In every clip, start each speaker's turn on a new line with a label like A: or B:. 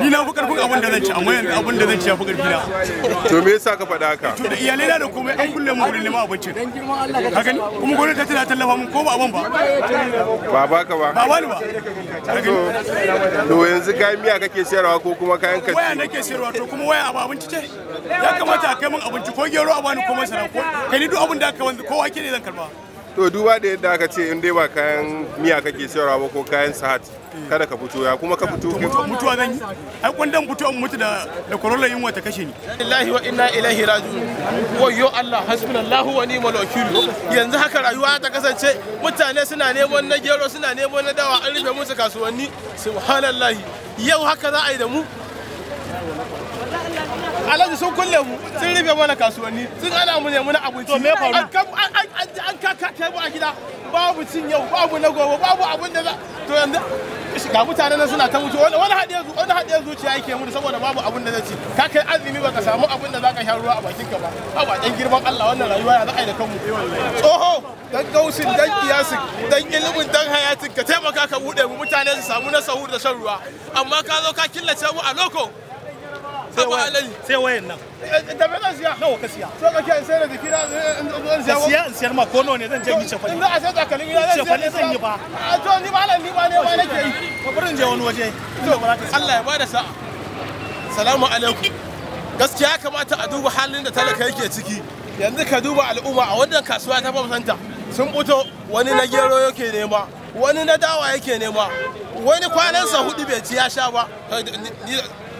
A: ni
B: na fi karfin abin da zan ci amma yanzu abin da zan ci ya fi karfi na to me yasa ka faɗa haka to da iyalai
A: na da komai an kulle mu gurin neman abinci ka gani kuma gwamnati ta tana tallafa mun ko ba abin ba
B: ba ba ka ba ba ba ni ba to yanzu kayan miya kake sayarwa ko kuma kayan kaci waya
A: nake sayarwa to kuma waya abu abinci ce ya kamata a kai mun abinci ko gero a bani ko masara ko kai ni duk abin da aka wanzu kowa ke ne zan karba
B: to duba da yadda aka ce in dai ba kayan miya kake sayarwa ba ko kayan sahat kada ka fito ya kuma ka fito ke mutuwa
A: zan yi ai kundan fito an mutu da da korolla yunwa ta kashe ni lillahi wa inna ilaihi raji'un wayyo Allah hasbunallahu wa ni'mal wakil yanzu haka rayuwa ta kasance mutane suna neman na gero suna neman na dawa an rufe musu kasuwanni subhanallahi yau haka za a yi da mu alhaji sun kulle mu sun rufe mana kasuwanni sun ana mu ne na abinci to me faru an kaka mu a gida babu cin yau babu na gobe babu abin da za to yanzu ga mutane nan suna ta mutu wani haɗe wani haɗe zuciya yake mutu saboda babu abin da zai ci ka kai azumi baka samu abin da zaka sha ruwa a bakin ka ba a dan girman Allah wannan rayuwa ya za a yi da kanmu tsoho dan gausin dan kiyasin dan ilimin dan hayatin ka taimaka ka bude mu mutane su samu na sahur da shan ruwa amma ka zo ka killace mu a loko wayan nan zan eh, eh, eh, siya ka siya so da zan siya in ma ko nawa ne zan je a gida zan siya ah, ni ba yi waje Allah ya bada sa'a salamu alaikum gaskiya kamata a duba halin da talaka yake ciki yanzu ka duba al'umma a wannan kasuwa ta bamsanta sun fito wani na gero yake nema wani na dawa yake nema wani kwanansa hudu bai ci ya sha ba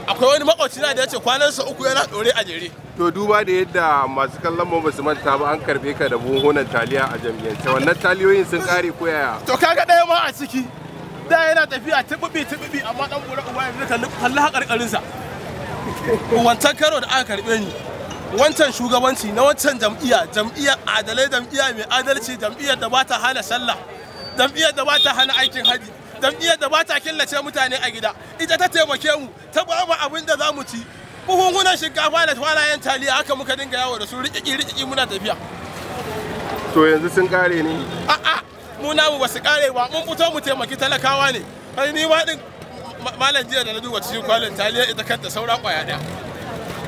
A: akwai wani makwaci na da ya ce kwanan sa uku yana ɗore a jere
B: to duba da yadda masu kallon mu basu manta ba an karbe ka da buhunan taliya a jami'ance wannan taliyoyin sun kare ko yaya
A: to kaga ɗaya ma a ciki da yana tafiya ta tububi amma dan gura uba yanzu kalli kalli hakarkarin sa wancan karo da aka karbe ni wancan shugabanci na wancan jam'iyya jam'iyyar adalai jam'iyya mai adalci jam'iyyar da ba ta hana sallah jam'iyyar da ba ta hana aikin haji jam'iyyar da ba ta killace mutane a gida ita ta taimake mu ta ba mu abin da za mu ci buhunhunan shinkafa da twalayen taliya haka muka dinga yawo da su rikiki rikiki muna tafiya
B: to yanzu sun kare ne a'a
A: mu namu ba su kare ba mun fito mu taimaki talakawa ne kai ni ma din malam jiya da na duba cikin kwalin taliya ita kanta saura kwaya daya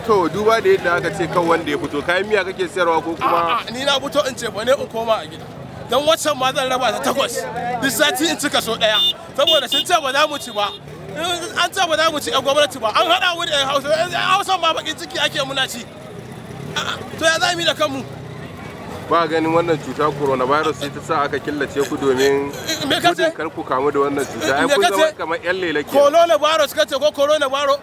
B: to duba da yadda aka ce kan wanda ya fito kayan miya kake sayarwa ko kuma
A: ni na fito in ce ba ne in koma a gida don wancan ma zan raba ta takwas duk sati in cika so daya saboda sun ce ba za mu ci ba an ce ba za mu
B: ci a gwamnati ba an haɗa
A: wuri a hausa Hausan hausa ma bakin ciki ake muna ci to ya za mu da kanmu
B: ba ganin wannan cuta coronavirus sai ta sa aka killace ku domin gudun kar ku kamu da wannan cuta ai kun zama kamar yan corona
A: coronavirus kace ko coronavirus